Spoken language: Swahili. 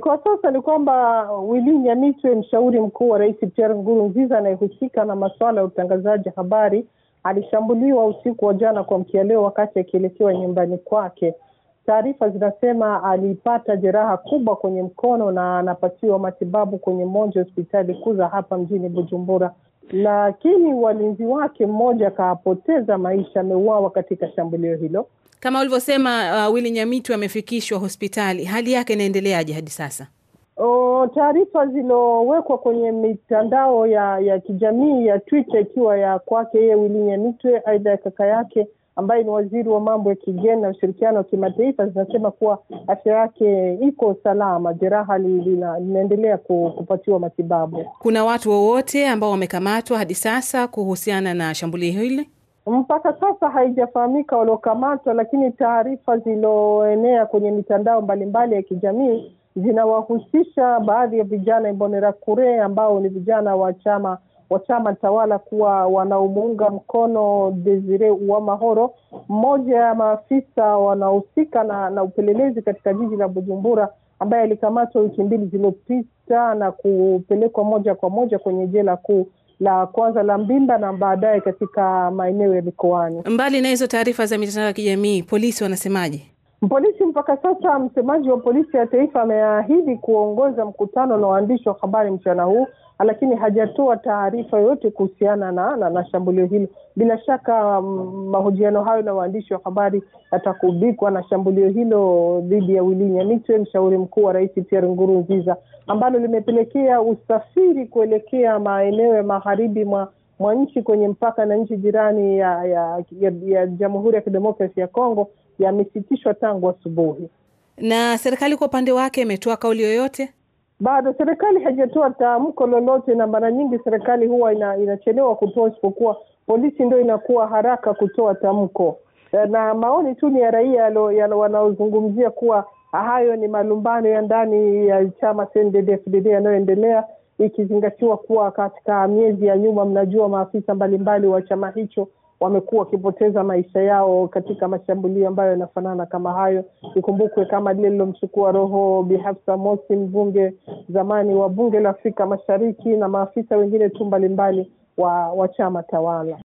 Kwa sasa ni kwamba Wili Nyamitwe, mshauri mkuu wa rais Pierre Nkurunziza anayehusika na masuala ya utangazaji habari, alishambuliwa usiku wa jana mkia leo wakati akielekewa nyumbani kwake. Taarifa zinasema alipata jeraha kubwa kwenye mkono na anapatiwa matibabu kwenye moja hospitali kuu za hapa mjini Bujumbura lakini walinzi wake mmoja akapoteza maisha, ameuawa katika shambulio hilo. Kama ulivyosema, uh, Willy Nyamitwe amefikishwa hospitali. Hali yake inaendeleaje hadi sasa? Taarifa zilowekwa kwenye mitandao ya ya kijamii ya Twitter ikiwa ya kwake yeye Willy Nyamitwe, aidha ya kaka yake ambaye ni waziri wa mambo ya kigeni na ushirikiano wa kimataifa zinasema kuwa afya yake iko salama, jeraha linaendelea kupatiwa matibabu. Kuna watu wowote ambao wamekamatwa hadi sasa kuhusiana na shambulio hili? Mpaka sasa haijafahamika waliokamatwa, lakini taarifa zilizoenea kwenye mitandao mbalimbali ya kijamii zinawahusisha baadhi ya vijana Imbonerakure ambao ni vijana wa chama wa chama tawala kuwa wanaomuunga mkono Desire Uwamahoro, mmoja ya maafisa wanaohusika na, na upelelezi katika jiji la Bujumbura ambaye alikamatwa wiki mbili zilizopita na kupelekwa moja kwa moja kwenye jela kuu la kwanza la Mbimba na baadaye katika maeneo ya mikoani. Mbali na hizo taarifa za mitandao ya kijamii, polisi wanasemaje? Polisi mpaka sasa, msemaji wa polisi ya taifa ameahidi kuongoza mkutano na waandishi wa habari mchana huu, lakini hajatoa taarifa yoyote kuhusiana na, na, na shambulio hilo. Bila shaka mm, mahojiano hayo na waandishi wa habari yatakubikwa na shambulio hilo dhidi ya Willy Nyamitwe, mshauri mkuu wa rais Pierre Nkurunziza, ambalo limepelekea usafiri kuelekea maeneo ya magharibi mwa mwa nchi kwenye mpaka na nchi jirani ya, ya, ya, ya Jamhuri ya Kidemokrasi ya Kongo yamesitishwa tangu asubuhi. Na serikali kwa upande wake imetoa kauli yoyote? Bado serikali haijatoa tamko lolote, na mara nyingi serikali huwa ina, inachelewa kutoa, isipokuwa polisi ndo inakuwa haraka kutoa tamko, eh, na maoni tu ni ya raia wanaozungumzia kuwa hayo ni malumbano ya ndani ya chama CNDD-FDD yanayoendelea ikizingatiwa kuwa katika miezi ya nyuma, mnajua maafisa mbalimbali wa chama hicho wamekuwa wakipoteza maisha yao katika mashambulio ambayo yanafanana kama hayo. Ikumbukwe kama lile lilomchukua roho Bi Hafsa Mosi, mbunge zamani wa bunge la Afrika Mashariki, na maafisa wengine tu mbalimbali wa, wa chama tawala.